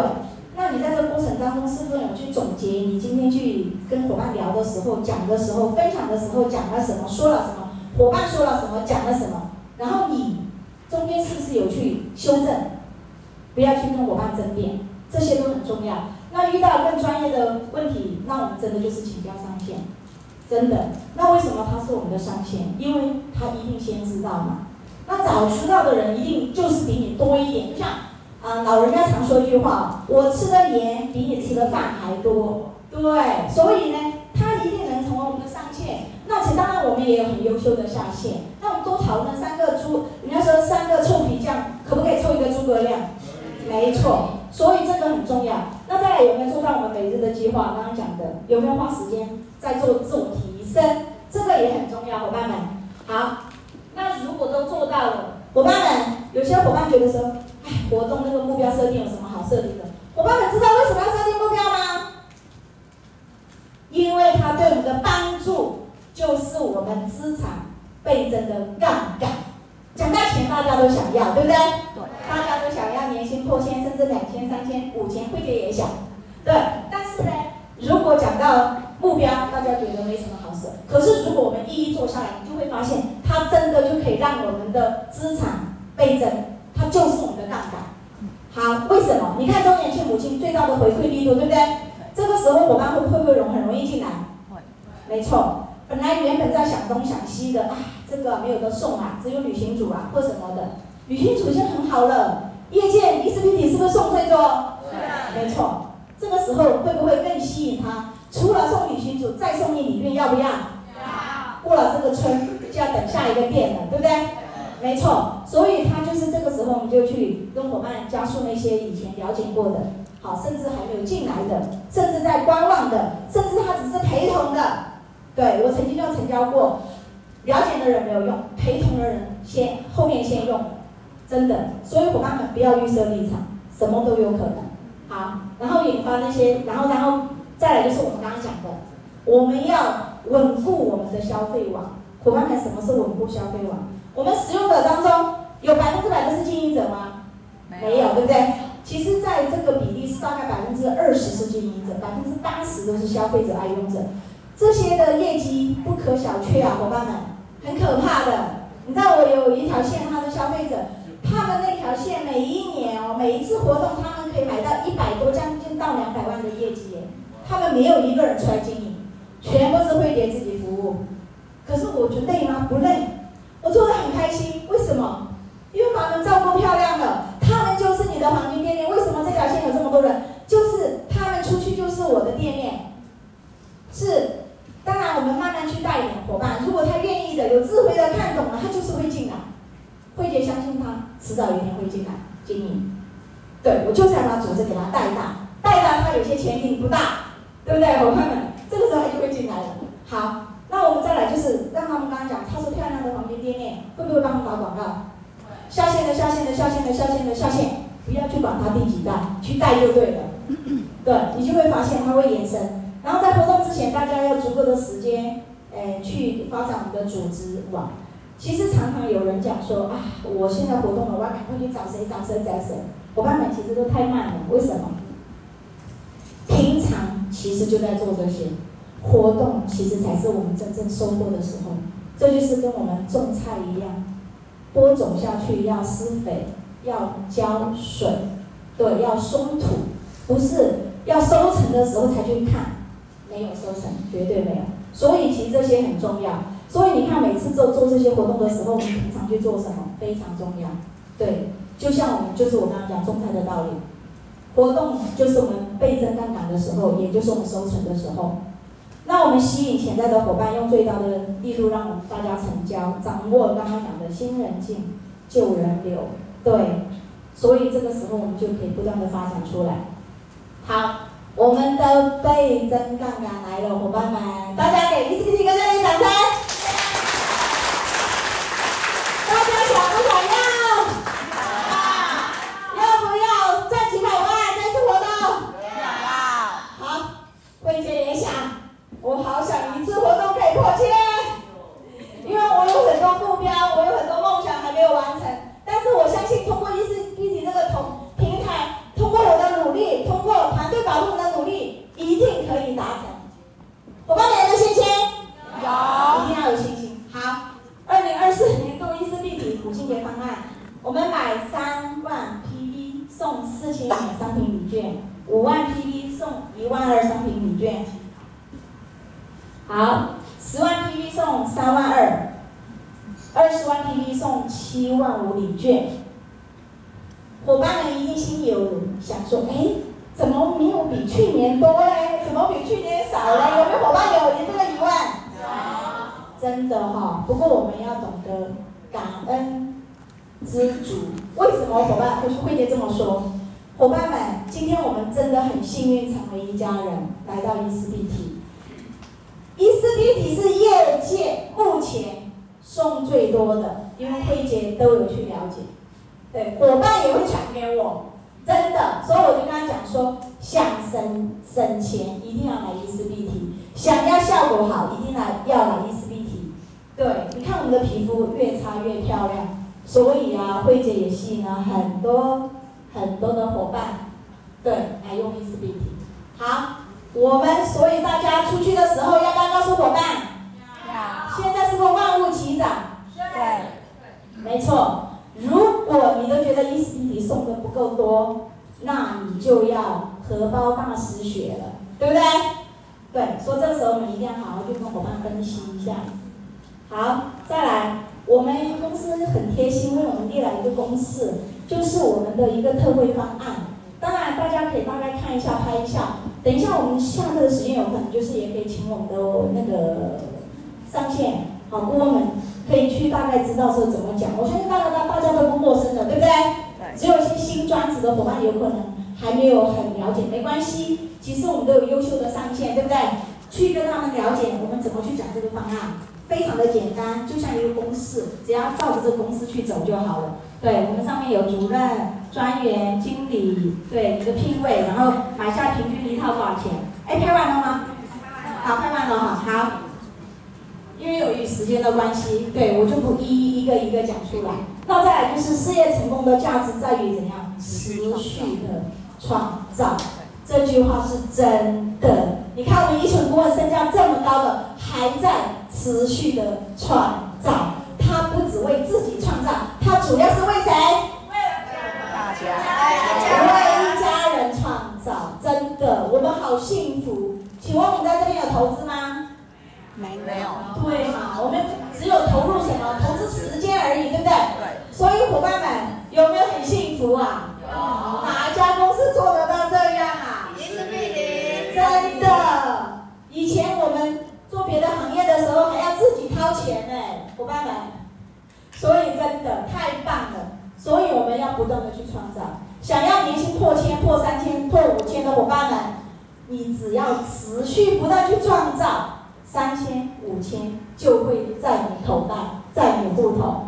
那你在這個過程當中，是否有去總結你今天去跟夥伴聊的時候、講的時候、分享的時候講了什麼、說了什麼，夥伴說了什麼、講了什麼？然後你中間是不是有去修正？不要去跟夥伴爭辯，這些都很重要。那遇到更專業的問題，那我們真的就是請教上線。真的，那為什麼他是我們的上線？因為他一定先知道嘛。那早知道的人，一定就是比你多一點。就像啊、嗯，老人家常說一句話：“我吃的鹽比你吃的飯還多。”對，所以呢，他一定能成為我們的上線。那且當然，我們也有很優秀的下線。那我們多討論三個諸，人家說三個臭皮匠，可不可以湊一個諸葛亮？沒錯，所以這個很重要。那再來，有沒有做到我們每日的計劃？剛剛講的有沒有花時間？在做自我提升，這個也很重要，夥伴們。好，那如果都做到了，夥伴們，有些夥伴覺得說，哎，活動那個目標設定有什麼好設定的？夥伴們知道為什麼要設定目標嗎？因為它對我們的幫助就是我們資產倍增的槓桿。講到錢，大家都想要，對不對？對。大家都想要年薪破千，甚至兩千、三千、五千，會覺得也想。對，但是呢， 如果講到。目標大家覺得沒什麼好事，可是如果我們一一做下來，你就會發現它真的就可以讓我們的資產倍增，它就是我們的槓桿。嗯、好，為什麼？你看週年慶母親最大的回饋力度，對不對？對這個時候伙伴會不會容很容易進來？對沒錯。本來原本在想東想西的啊，這個沒有得送啊，只有旅行組啊或什麼的，旅行組已經很好了。業界你是不是送這個？對，沒錯。這個時候會不會更吸引他？除了送旅行組，再送你禮物要不要？要 Yeah. 過了這個村就要等下一個店了，對不對？Yeah. 沒錯，所以他就是這個時候，你就去跟夥伴加速那些以前了解過的，好，甚至還沒有進來的，甚至在觀望的，甚至他只是陪同的。對，我曾經就成交過，了解的人沒有用，陪同的人先後面先用，真的。所以夥伴們不要預設立場，什麼都有可能。好，然後引發那些，然後然後。再來就是我們剛剛講的，我們要穩固我們的消費網。伙伴們，什麼是穩固消費網？我們使用者當中有百分之百都是經營者嗎？沒有，沒有，對不對？其實在這個比例是大概百分之二十是經營者，百分之八十都是消費者、愛用者。這些的業績不可小覷啊，伙伴們，很可怕的。你知道我有一條線，他的消費者，他們那條線每一年哦，每一次活動他們可以買到一百多將近到兩百萬的業績。他們沒有一個人出來經營，全部是慧姐自己服務。可是我覺得累嗎？不累。我做的很開心，為什麼？因為把他們照顧漂亮了，他們就是你的黃金店面。為什麼這條線有這麼多人？就是他們出去就是我的店面。是，當然我們慢慢去帶一點夥伴，如果他願意的、有智慧的、看懂了，他就是會進來。慧姐相信他，遲早有一天會進來經營。對，我就是要把組織給他帶大，帶大他有些前景不大。對不對，夥伴們？這個時候他就會進來了。好，那我們再來就是讓他們剛剛講，他說漂亮的黃金店面，會不會幫他們打廣告？下線的下線的下線的下線的下線，不要去管他第幾代，去帶就對了。對，你就會發現他會延伸。然後在活動之前，大家要足夠的時間，哎、呃，去發展我們的組織網。其實常常有人講說啊，我現在活動了，我要趕快去找誰找誰找誰。夥伴們其實都太慢了，為什麼？平常。其實就在做這些活動，其實才是我們真正收穫的時候。這就是跟我們種菜一樣，播種下去要施肥，要澆水，對，要鬆土，不是要收成的時候才去看，沒有收成，絕對沒有。所以其實這些很重要。所以你看，每次做做這些活動的時候，我們平常去做什麼非常重要。對，就像我們就是我剛剛講種菜的道理。活動就是我們倍增槓桿的時候，也就是我們收成的時候。那我們吸引潛在的夥伴，用最大的力度讓我們大家成交，掌握剛剛講的新人進，舊人留，對。所以這個時候我們就可以不斷的發展出來。好，我們的倍增槓桿來了，夥伴們，大家給一齊一個熱烈掌聲。達成，伙伴們有信心？有，有一定要有信心。好，二零二四年雙十一立體母親節方案，我們買3萬打三萬 PV 送四千元商品。就是慧姐這麼說，夥伴們，今天我們真的很幸運，成為一家人，來到伊思碧緹。伊思碧緹是業界目前送最多的，因為慧姐都有去了解，對，夥伴也會傳給我，真的。所以我就跟他講說，想省省錢，一定要來伊思碧緹；想要效果好，一定來要來伊思碧緹。對，你看我們的皮膚越擦越漂亮。所以啊，慧姐也吸引了很多很多的夥伴，對，來用易思比。好，我們，所以大家出去的時候，要不要告訴夥伴？Yeah. 現在是不是萬物齊漲？Yeah. 對。對，沒錯。如果你都覺得易思比送的不夠多，那你就要荷包大失血了，對不對？對。所以這時候我們一定要好好去跟夥伴分析一下。好，再來。我們公司很貼心，為我們列了一個公式，就是我們的一個特惠方案。當然，大家可以大概看一下、拍一下。等一下，我們下課的時間有可能就是也可以請我們的那個上線。好，顧問們可以去大概知道是怎麼講。我相信大家大大家都不陌生的，對不對？只有一些新專職的伙伴有可能還沒有很了解，沒關係。其實我們都有優秀的上線，對不對？去跟他們了解，我們怎麼去講這個方案。非常的簡單，就像一個公式，只要照着這個公式去走就好了。對，我們上面有主任、專員、經理，對，一個聘位，然後買下平均一套多少錢？哎，拍完了嗎？好，好，拍完了哈。好，因為有與時間的關係，對，我就不一一一個一個講出來。那再來就是事業成功的價值在於怎樣持續的創造，這句話是真的。你看我們一群顧問身價這麼高的，還在。持續的創造，他不只為自己創造，他主要是為誰？為了家人，為了大家，為一家人創造。真的，我們好幸福。請問我們在這邊有投資嗎？沒有，沒有，對，對嘛？我們只有投入什麼？投資時間而已，對不對？對。所以夥伴們，有沒有很幸福啊？有。哪家公司做的呢？的時候還要自己掏錢呢，夥伴們，所以真的太棒了。所以我們要不斷的去創造。想要年薪破千、破三千、破五千的夥伴們，你只要持續不斷去創造，三千、五千就會在你口袋，在你戶頭。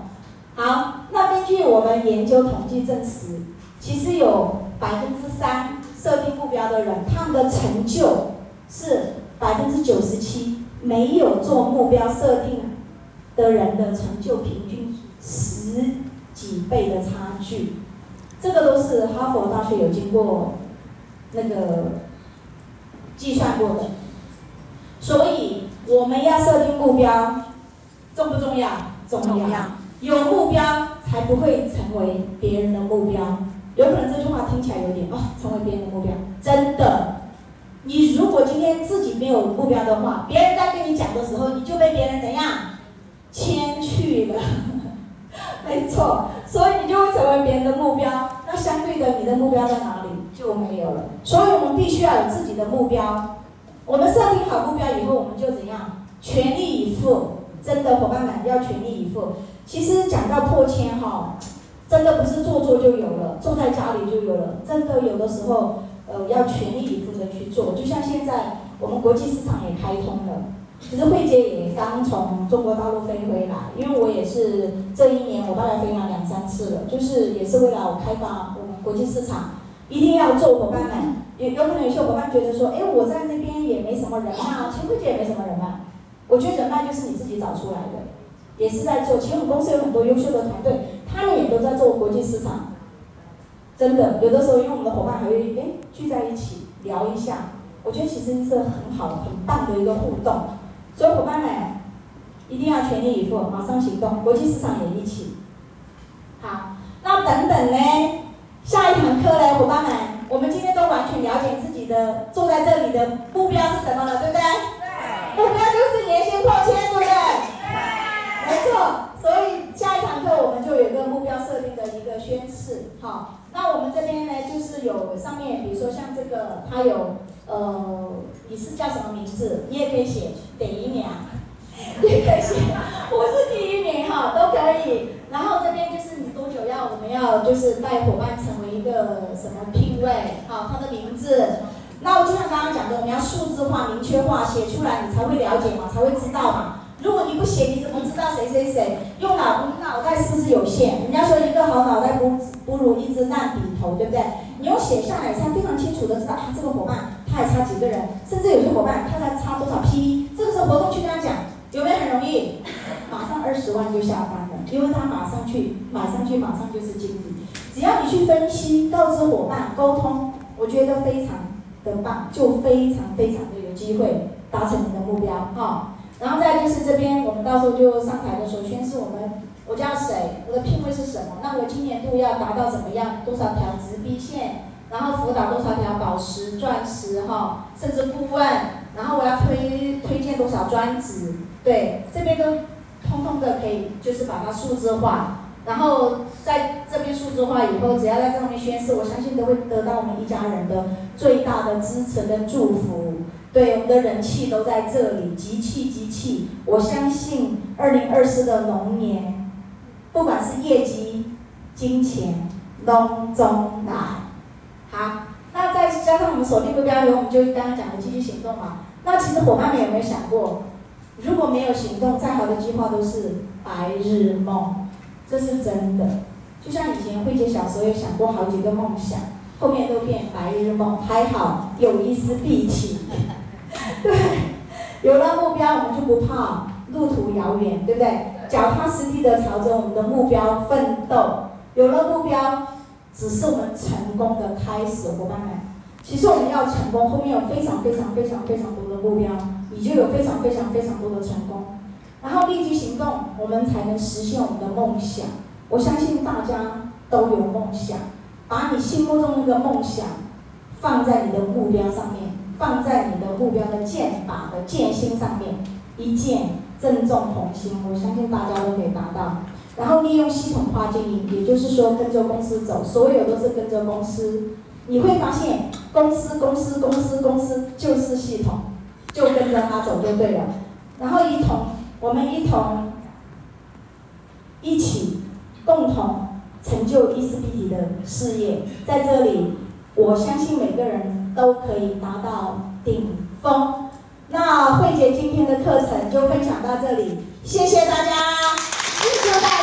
好，那根據我們研究統計證實，其實有百分之三設定目標的人，他們的成就是百分之九十七。沒有做目標設定的人的成就，平均十幾倍的差距，這個都是哈佛大學有經過那個計算過的。所以我們要設定目標，重不重要？重要。有目標才不會成為別人的目標。有可能這句話聽起來有點哦，成為別人的目標，真的。你如果今天自己沒有目標的話，別人在跟你講的時候，你就被別人怎樣，牽去了，沒錯，所以你就會成為別人的目標。那相對的，你的目標在哪裡就沒有了。所以我們必須要有自己的目標。我們設定好目標以後，我們就怎樣全力以赴？真的，夥伴們要全力以赴。其實講到破千哈，真的不是做做就有了，坐在家裡就有了，真的有的時候。呃，要全力以赴的去做，就像現在我們國際市場也開通了。其實惠姐也剛從中國大陸飛回來，因為我也是這一年我大概飛了兩三次了，就是也是為了我開發我們國際市場，一定要做。夥伴們，有、哎、有可能有些夥伴覺得說，哎，我在那邊也沒什麼人脈、啊，其實惠姐也沒什麼人脈、啊。我覺得人脈就是你自己找出來的，也是在做。其實我們公司有很多優秀的團隊，他們也都在做國際市場。真的，有的時候因為我們的夥伴還會，哎。聚在一起聊一下，我覺得其實是很好、很棒的一個互動。所以夥伴們一定要全力以赴，馬上行動。國際市場也一起。好，那等等呢，下一堂課呢，夥伴們，我們今天都完全了解自己的坐在這裡的目標是什麼了，對不對？對。目標就是年薪破千，對不對？對。沒錯。所以下一堂課我們就有一個目標設定的一個宣誓，好、哦。那我們這邊呢，就是有上面，比如說像這個，它有呃，你是叫什麼名字？你也可以寫點一名，也 可以寫，我是第一名哈，都可以。然後這邊就是你多久要，我們要就是帶夥伴成為一個什麼聘位啊，他的名字。那我就像剛剛講的，我們要數字化、明確化，寫出來你才會了解嘛，才會知道嘛。如果你不寫，你怎麼知道誰誰誰？用腦，你腦袋是不是有限？人家說一個好腦袋不不如一支爛筆頭，對不對？你要寫下來，才非常清楚的知道，啊，這個夥伴他還差幾個人，甚至有些夥伴他還差多少 PV。這個時候活動去跟他講，有沒有很容易？馬上二十萬就下班了，因為他馬上去，馬上去，馬上就是經理。只要你去分析、告知夥伴、溝通，我覺得非常的棒，就非常非常的有機會達成你的目標，哈、哦。然後再就是這邊，我們到時候就上台的時候宣誓，我們我叫誰，我的聘位是什麼？那我今年度要達到怎麼樣？多少條直逼線？然後輔導多少條寶石、鑽石哈，甚至顧問？然後我要推推薦多少專職？對，這邊都通通的可以，就是把它數字化。然後在這邊數字化以後，只要在這上面宣誓，我相信都會得到我們一家人的最大的支持跟祝福。對，我們的人氣都在這裡，集氣集氣！我相信二零二四的龍年，不管是業績、金錢，龍中來。好，那再加上我們鎖定目標後，我們就剛剛講的積極行動嘛、啊。那其實伙伴們有沒有想過，如果沒有行動，再好的計劃都是白日夢，這是真的。就像以前慧姐小時候也想過好幾個夢想，後面都變白日夢，還好有一絲力氣。對，有了目標，我們就不怕路途遙遠，對不對？腳踏實地的朝着我們的目標奮鬥。有了目標，只是我們成功的開始，夥伴們。其實我們要成功，後面有非常非常非常非常多的目標，你就有非常非常非常多的成功。然後立即行動，我們才能實現我們的夢想。我相信大家都有夢想，把你心目中那個夢想放在你的目標上面。放在你的目標的劍法的劍心上面，一劍正中紅心，我相信大家都可以達到。然後利用系統化經營，也就是說跟着公司走，所有都是跟着公司。你會發現公，公司公司公司公司就是系統，就跟着他走就對了。然後一同，我們一同，一起，共同成就衣食必體的事業。在這裡，我相信每個人。都可以達到頂峰。那惠杰今天的課程就分享到這裡，謝謝大家，謝謝大家。